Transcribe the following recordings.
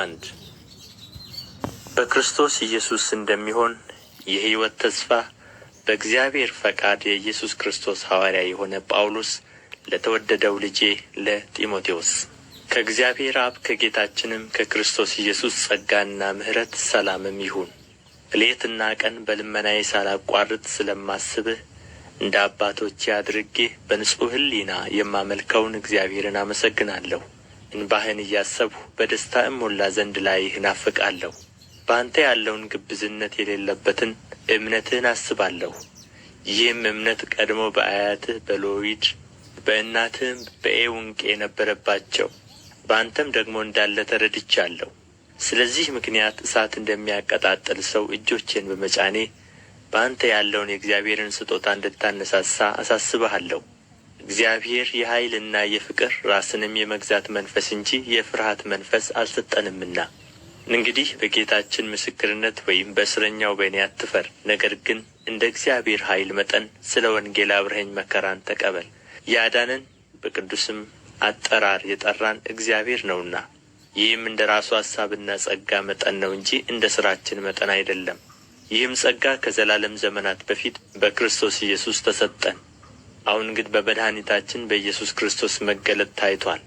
አንድ በክርስቶስ ኢየሱስ እንደሚሆን የሕይወት ተስፋ በእግዚአብሔር ፈቃድ የኢየሱስ ክርስቶስ ሐዋርያ የሆነ ጳውሎስ ለተወደደው ልጄ ለጢሞቴዎስ ከእግዚአብሔር አብ ከጌታችንም ከክርስቶስ ኢየሱስ ጸጋና ምሕረት ሰላምም ይሁን። ሌትና ቀን በልመናዬ ሳላቋርጥ ስለማስብህ እንደ አባቶቼ አድርጌ በንጹሕ ሕሊና የማመልከውን እግዚአብሔርን አመሰግናለሁ። እንባህን እያሰብሁ በደስታ እሞላ ዘንድ ላይህ እናፍቃለሁ በአንተ ያለውን ግብዝነት የሌለበትን እምነትህን አስባለሁ ይህም እምነት ቀድሞ በአያትህ በሎይድ በእናትህም በኤውንቄ ነበረባቸው በአንተም ደግሞ እንዳለ ተረድቻለሁ። ስለዚህ ምክንያት እሳት እንደሚያቀጣጥል ሰው እጆቼን በመጫኔ በአንተ ያለውን የእግዚአብሔርን ስጦታ እንድታነሳሳ አሳስበሃለሁ። እግዚአብሔር የኃይልና የፍቅር ራስንም የመግዛት መንፈስ እንጂ የፍርሃት መንፈስ አልሰጠንምና። እንግዲህ በጌታችን ምስክርነት ወይም በእስረኛው በእኔ አትፈር፣ ነገር ግን እንደ እግዚአብሔር ኃይል መጠን ስለ ወንጌል አብረኸኝ መከራን ተቀበል። ያዳነን በቅዱስም አጠራር የጠራን እግዚአብሔር ነውና፣ ይህም እንደ ራሱ ሐሳብና ጸጋ መጠን ነው እንጂ እንደ ሥራችን መጠን አይደለም። ይህም ጸጋ ከዘላለም ዘመናት በፊት በክርስቶስ ኢየሱስ ተሰጠን። አሁን ግን በመድኃኒታችን በኢየሱስ ክርስቶስ መገለጥ ታይቷል።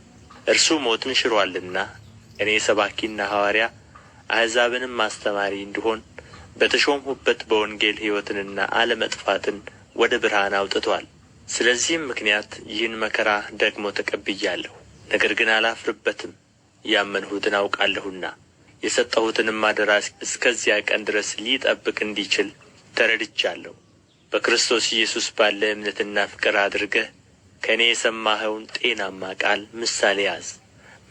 እርሱ ሞትን ሽሯልና እኔ ሰባኪና ሐዋርያ አሕዛብንም አስተማሪ እንድሆን በተሾምሁበት በወንጌል ሕይወትንና አለመጥፋትን ወደ ብርሃን አውጥቶአል። ስለዚህም ምክንያት ይህን መከራ ደግሞ ተቀብያለሁ። ነገር ግን አላፍርበትም፣ ያመንሁትን አውቃለሁና የሰጠሁትንም አደራ እስከዚያ ቀን ድረስ ሊጠብቅ እንዲችል ተረድቻለሁ። በክርስቶስ ኢየሱስ ባለ እምነትና ፍቅር አድርገህ ከእኔ የሰማኸውን ጤናማ ቃል ምሳሌ ያዝ።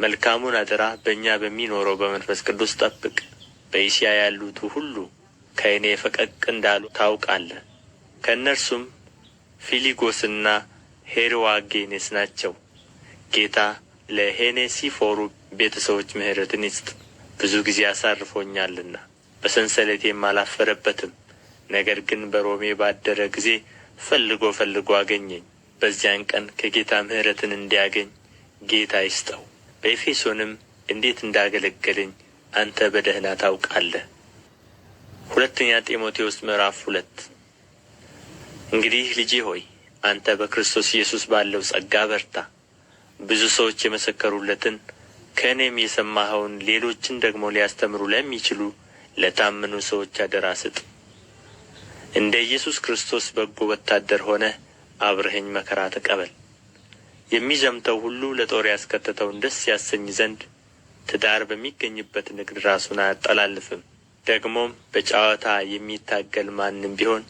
መልካሙን አደራ በእኛ በሚኖረው በመንፈስ ቅዱስ ጠብቅ። በእስያ ያሉቱ ሁሉ ከእኔ ፈቀቅ እንዳሉ ታውቃለህ። ከእነርሱም ፊሊጎስና ሄርዋጌኔስ ናቸው። ጌታ ለሄኔሲፎሩ ቤተሰቦች ምሕረትን ይስጥ፣ ብዙ ጊዜ አሳርፎኛልና በሰንሰለቴም አላፈረበትም። ነገር ግን በሮሜ ባደረ ጊዜ ፈልጎ ፈልጎ አገኘኝ። በዚያን ቀን ከጌታ ምሕረትን እንዲያገኝ ጌታ ይስጠው። በኤፌሶንም እንዴት እንዳገለገለኝ አንተ በደህና ታውቃለህ። ሁለተኛ ጢሞቴዎስ ምዕራፍ ሁለት እንግዲህ ልጄ ሆይ አንተ በክርስቶስ ኢየሱስ ባለው ጸጋ በርታ። ብዙ ሰዎች የመሰከሩለትን ከእኔም የሰማኸውን ሌሎችን ደግሞ ሊያስተምሩ ለሚችሉ ለታመኑ ሰዎች አደራ ስጥ። እንደ ኢየሱስ ክርስቶስ በጎ ወታደር ሆነ አብረኸኝ መከራ ተቀበል። የሚዘምተው ሁሉ ለጦር ያስከተተውን ደስ ያሰኝ ዘንድ ትዳር በሚገኝበት ንግድ ራሱን አያጠላልፍም። ደግሞም በጨዋታ የሚታገል ማንም ቢሆን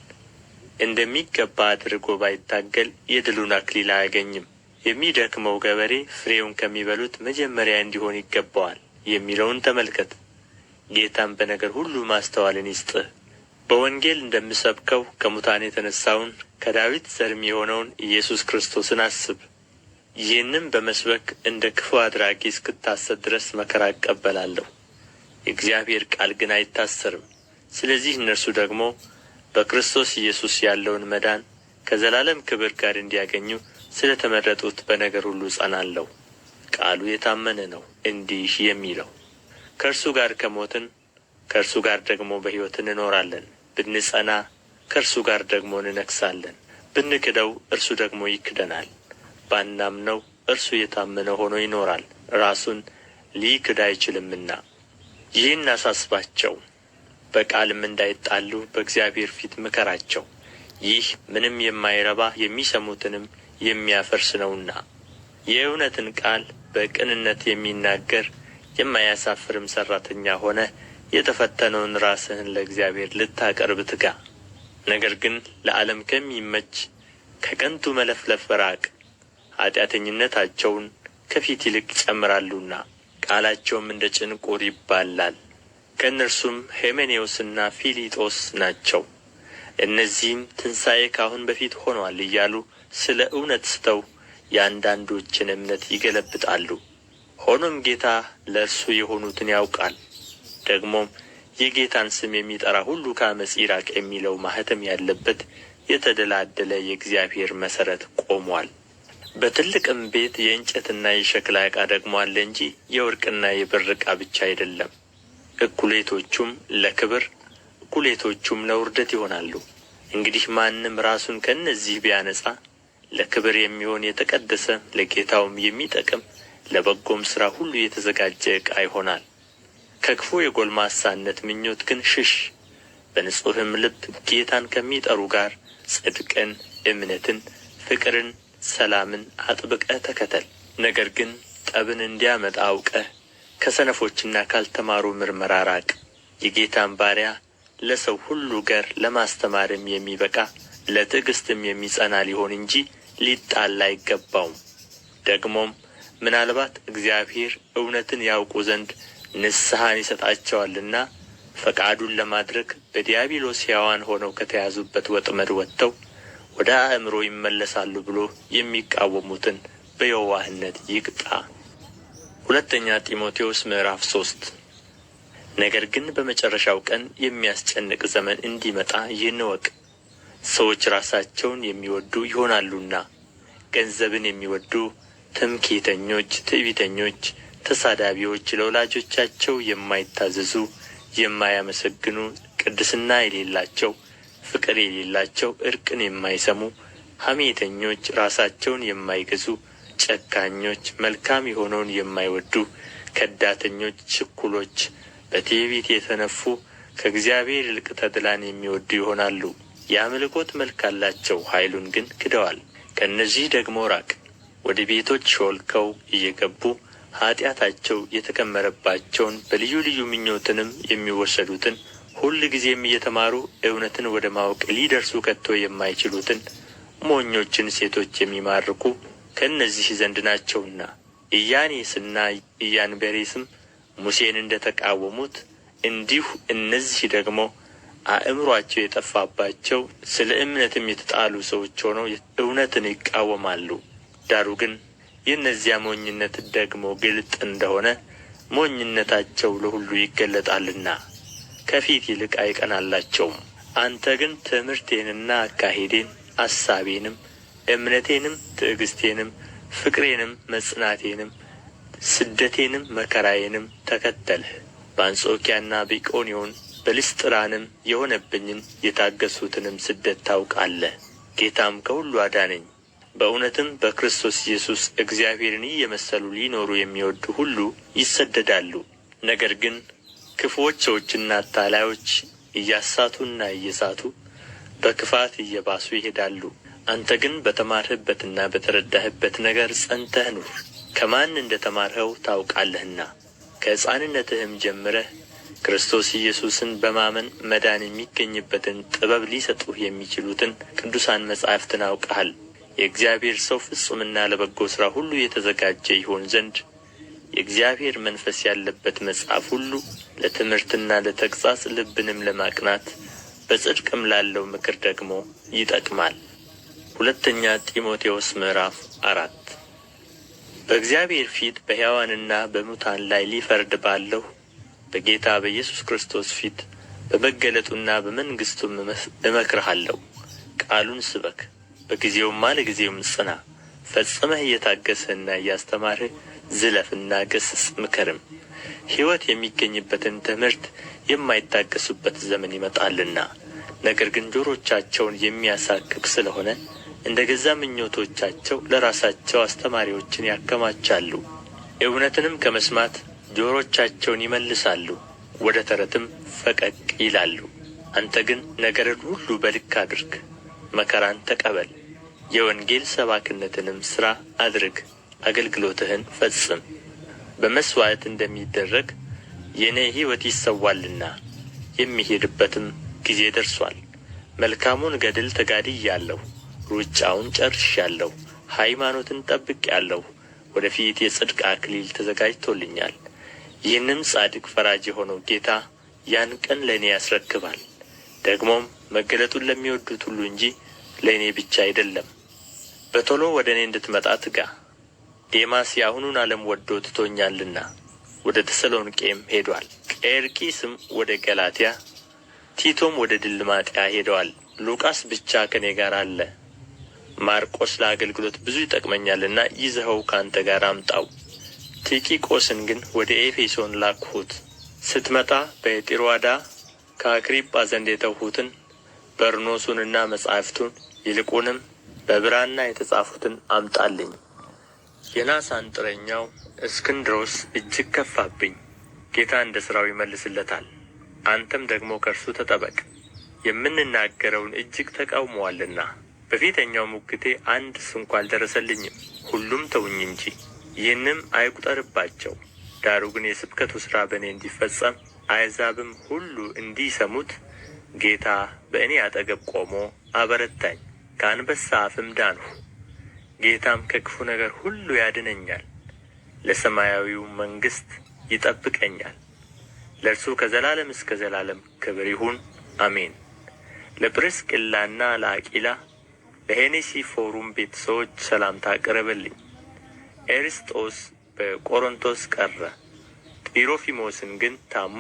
እንደሚገባ አድርጎ ባይታገል የድሉን አክሊል አያገኝም። የሚደክመው ገበሬ ፍሬውን ከሚበሉት መጀመሪያ እንዲሆን ይገባዋል የሚለውን ተመልከት። ጌታም በነገር ሁሉ ማስተዋልን ይስጥህ። በወንጌል እንደምሰብከው ከሙታን የተነሣውን ከዳዊት ዘርም የሆነውን ኢየሱስ ክርስቶስን አስብ። ይህንም በመስበክ እንደ ክፉ አድራጊ እስክታሰር ድረስ መከራ እቀበላለሁ። የእግዚአብሔር ቃል ግን አይታሰርም። ስለዚህ እነርሱ ደግሞ በክርስቶስ ኢየሱስ ያለውን መዳን ከዘላለም ክብር ጋር እንዲያገኙ ስለ ተመረጡት በነገር ሁሉ እጸናለሁ። ቃሉ የታመነ ነው እንዲህ የሚለው ከእርሱ ጋር ከሞትን ከእርሱ ጋር ደግሞ በሕይወት እንኖራለን። ብንጸና ከእርሱ ጋር ደግሞ እንነግሣለን። ብንክደው እርሱ ደግሞ ይክደናል። ባናምነው እርሱ የታመነ ሆኖ ይኖራል፣ ራሱን ሊክድ አይችልምና። ይህን አሳስባቸው፣ በቃልም እንዳይጣሉ በእግዚአብሔር ፊት ምከራቸው። ይህ ምንም የማይረባ የሚሰሙትንም የሚያፈርስ ነውና የእውነትን ቃል በቅንነት የሚናገር የማያሳፍርም ሠራተኛ ሆነ። የተፈተነውን ራስህን ለእግዚአብሔር ልታቀርብ ትጋ። ነገር ግን ለዓለም ከሚመች ከከንቱ መለፍለፍ ራቅ። ኃጢአተኝነታቸውን ከፊት ይልቅ ይጨምራሉና ቃላቸውም እንደ ጭንቁር ይባላል። ከእነርሱም ሄሜኔዎስና ፊሊጦስ ናቸው። እነዚህም ትንሣኤ ከአሁን በፊት ሆኗል እያሉ ስለ እውነት ስተው የአንዳንዶችን እምነት ይገለብጣሉ። ሆኖም ጌታ ለእርሱ የሆኑትን ያውቃል። ደግሞም የጌታን ስም የሚጠራ ሁሉ ከአመፅ ይራቅ የሚለው ማህተም ያለበት የተደላደለ የእግዚአብሔር መሰረት ቆሟል። በትልቅም ቤት የእንጨትና የሸክላ ዕቃ ደግሞ አለ እንጂ የወርቅና የብር ዕቃ ብቻ አይደለም። እኩሌቶቹም ለክብር እኩሌቶቹም ለውርደት ይሆናሉ። እንግዲህ ማንም ራሱን ከእነዚህ ቢያነጻ ለክብር የሚሆን የተቀደሰ ለጌታውም የሚጠቅም ለበጎም ሥራ ሁሉ የተዘጋጀ ዕቃ ይሆናል። ከክፉ የጎልማሳነት ምኞት ግን ሽሽ በንጹሕም ልብ ጌታን ከሚጠሩ ጋር ጽድቅን እምነትን ፍቅርን ሰላምን አጥብቀህ ተከተል ነገር ግን ጠብን እንዲያመጣ አውቀህ ከሰነፎችና ካልተማሩ ምርመራ ራቅ የጌታን ባሪያ ለሰው ሁሉ ገር ለማስተማርም የሚበቃ ለትዕግሥትም የሚጸና ሊሆን እንጂ ሊጣል አይገባውም ደግሞም ምናልባት እግዚአብሔር እውነትን ያውቁ ዘንድ ንስሐን ይሰጣቸዋልና ፈቃዱን ለማድረግ በዲያብሎስ ሕያዋን ሆነው ከተያዙበት ወጥመድ ወጥተው ወደ አእምሮ ይመለሳሉ ብሎ የሚቃወሙትን በየዋህነት ይቅጣ። ሁለተኛ ጢሞቴዎስ ምዕራፍ ሶስት ነገር ግን በመጨረሻው ቀን የሚያስጨንቅ ዘመን እንዲመጣ ይህን እወቅ። ሰዎች ራሳቸውን የሚወዱ ይሆናሉና፣ ገንዘብን የሚወዱ፣ ትምክህተኞች፣ ትዕቢተኞች ተሳዳቢዎች፣ ለወላጆቻቸው የማይታዘዙ የማያመሰግኑ፣ ቅድስና የሌላቸው፣ ፍቅር የሌላቸው፣ እርቅን የማይሰሙ፣ ሐሜተኞች፣ ራሳቸውን የማይገዙ፣ ጨካኞች፣ መልካም የሆነውን የማይወዱ፣ ከዳተኞች፣ ችኩሎች፣ በትዕቢት የተነፉ፣ ከእግዚአብሔር ይልቅ ተድላን የሚወዱ ይሆናሉ። የአምልኮት መልክ አላቸው፣ ኃይሉን ግን ክደዋል። ከእነዚህ ደግሞ ራቅ። ወደ ቤቶች ሾልከው እየገቡ ኃጢአታቸው የተከመረባቸውን በልዩ ልዩ ምኞትንም የሚወሰዱትን ሁል ጊዜም እየተማሩ እውነትን ወደ ማወቅ ሊደርሱ ከቶ የማይችሉትን ሞኞችን ሴቶች የሚማርኩ ከእነዚህ ዘንድ ናቸውና። ኢያኔስና እያንበሬስም ሙሴን እንደ ተቃወሙት እንዲሁ እነዚህ ደግሞ አእምሯቸው የጠፋባቸው ስለ እምነትም የተጣሉ ሰዎች ሆነው እውነትን ይቃወማሉ። ዳሩ ግን የእነዚያ ሞኝነት ደግሞ ግልጥ እንደሆነ ሞኝነታቸው ለሁሉ ይገለጣልና ከፊት ይልቅ አይቀናላቸውም። አንተ ግን ትምህርቴንና አካሄዴን አሳቤንም እምነቴንም ትዕግስቴንም ፍቅሬንም መጽናቴንም ስደቴንም መከራዬንም ተከተልህ። በአንጾኪያና በኢቆንዮን በልስጥራንም የሆነብኝን የታገሱትንም ስደት ታውቃለህ። ጌታም ከሁሉ አዳነኝ። በእውነትም በክርስቶስ ኢየሱስ እግዚአብሔርን እየመሰሉ ሊኖሩ የሚወዱ ሁሉ ይሰደዳሉ። ነገር ግን ክፉዎች ሰዎችና አታላዮች እያሳቱና እየሳቱ በክፋት እየባሱ ይሄዳሉ። አንተ ግን በተማርህበትና በተረዳህበት ነገር ጸንተህ ኑር፣ ከማን እንደ ተማርኸው ታውቃለህና። ከሕፃንነትህም ጀምረህ ክርስቶስ ኢየሱስን በማመን መዳን የሚገኝበትን ጥበብ ሊሰጡህ የሚችሉትን ቅዱሳን መጻሕፍትን አውቀሃል። የእግዚአብሔር ሰው ፍጹምና ለበጎ ሥራ ሁሉ የተዘጋጀ ይሆን ዘንድ የእግዚአብሔር መንፈስ ያለበት መጽሐፍ ሁሉ ለትምህርትና ለተግሣጽ ልብንም ለማቅናት በጽድቅም ላለው ምክር ደግሞ ይጠቅማል። ሁለተኛ ጢሞቴዎስ ምዕራፍ አራት በእግዚአብሔር ፊት በሕያዋንና በሙታን ላይ ሊፈርድ ባለው በጌታ በኢየሱስ ክርስቶስ ፊት በመገለጡና በመንግሥቱም እመክርሃለሁ። ቃሉን ስበክ፣ በጊዜውም አለጊዜውም ጽና። ፈጽመህ እየታገስህና እያስተማርህ ዝለፍና ገስጽ ምከርም። ሕይወት የሚገኝበትን ትምህርት የማይታገሱበት ዘመን ይመጣልና። ነገር ግን ጆሮቻቸውን የሚያሳክክ ስለ ሆነ እንደ ገዛ ምኞቶቻቸው ለራሳቸው አስተማሪዎችን ያከማቻሉ። እውነትንም ከመስማት ጆሮቻቸውን ይመልሳሉ፣ ወደ ተረትም ፈቀቅ ይላሉ። አንተ ግን ነገርን ሁሉ በልክ አድርግ። መከራን ተቀበል፣ የወንጌል ሰባኪነትንም ሥራ አድርግ፣ አገልግሎትህን ፈጽም። በመሥዋዕት እንደሚደረግ የእኔ ሕይወት ይሰዋልና የሚሄድበትም ጊዜ ደርሷል። መልካሙን ገድል ተጋድያለሁ፣ ሩጫውን ጨርሻለሁ፣ ሃይማኖትን ጠብቄአለሁ። ወደ ፊት የጽድቅ አክሊል ተዘጋጅቶልኛል። ይህንም ጻድቅ ፈራጅ የሆነው ጌታ ያን ቀን ለእኔ ያስረክባል። ደግሞም መገለጡን ለሚወዱት ሁሉ እንጂ ለእኔ ብቻ አይደለም። በቶሎ ወደ እኔ እንድትመጣ ትጋ። ዴማስ የአሁኑን ዓለም ወዶ ትቶኛልና ወደ ተሰሎንቄም ሄዷል። ቄርቂስም ወደ ገላትያ፣ ቲቶም ወደ ድልማጥያ ሄደዋል። ሉቃስ ብቻ ከእኔ ጋር አለ። ማርቆስ ለአገልግሎት ብዙ ይጠቅመኛልና ይዘኸው ከአንተ ጋር አምጣው። ቲኪቆስን ግን ወደ ኤፌሶን ላክሁት። ስትመጣ በጢሮአዳ ከአክሪጳ ዘንድ የተውሁትን በርኖሱንና መጻሕፍቱን ይልቁንም በብራና የተጻፉትን አምጣልኝ። የናስ አንጥረኛው እስክንድሮስ እጅግ ከፋብኝ፤ ጌታ እንደ ሥራው ይመልስለታል። አንተም ደግሞ ከእርሱ ተጠበቅ፤ የምንናገረውን እጅግ ተቃውመዋልና። በፊተኛው ሙግቴ አንድ ስንኳ አልደረሰልኝም፤ ሁሉም ተውኝ እንጂ። ይህንም አይቁጠርባቸው። ዳሩ ግን የስብከቱ ሥራ በእኔ እንዲፈጸም አሕዛብም ሁሉ እንዲሰሙት ጌታ በእኔ አጠገብ ቆሞ አበረታኝ፣ ከአንበሳ አፍም ዳንሁ። ጌታም ከክፉ ነገር ሁሉ ያድነኛል፣ ለሰማያዊው መንግሥት ይጠብቀኛል። ለእርሱ ከዘላለም እስከ ዘላለም ክብር ይሁን፣ አሜን። ለጵርስቅላና ለአቂላ ለሄኔሲፎሩም ቤተ ሰዎች ሰላምታ አቅርብልኝ። ኤርስጦስ በቆሮንቶስ ቀረ፣ ጢሮፊሞስን ግን ታሞ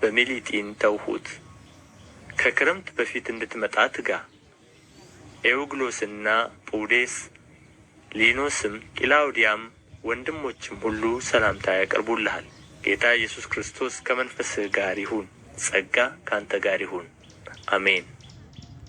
በሚሊጢን ተውሁት። ከክረምት በፊት እንድትመጣ ትጋ። ኤውግሎስና ጳዴስ ሊኖስም ቂላውዲያም ወንድሞችም ሁሉ ሰላምታ ያቀርቡልሃል። ጌታ ኢየሱስ ክርስቶስ ከመንፈስህ ጋር ይሁን። ጸጋ ካንተ ጋር ይሁን። አሜን።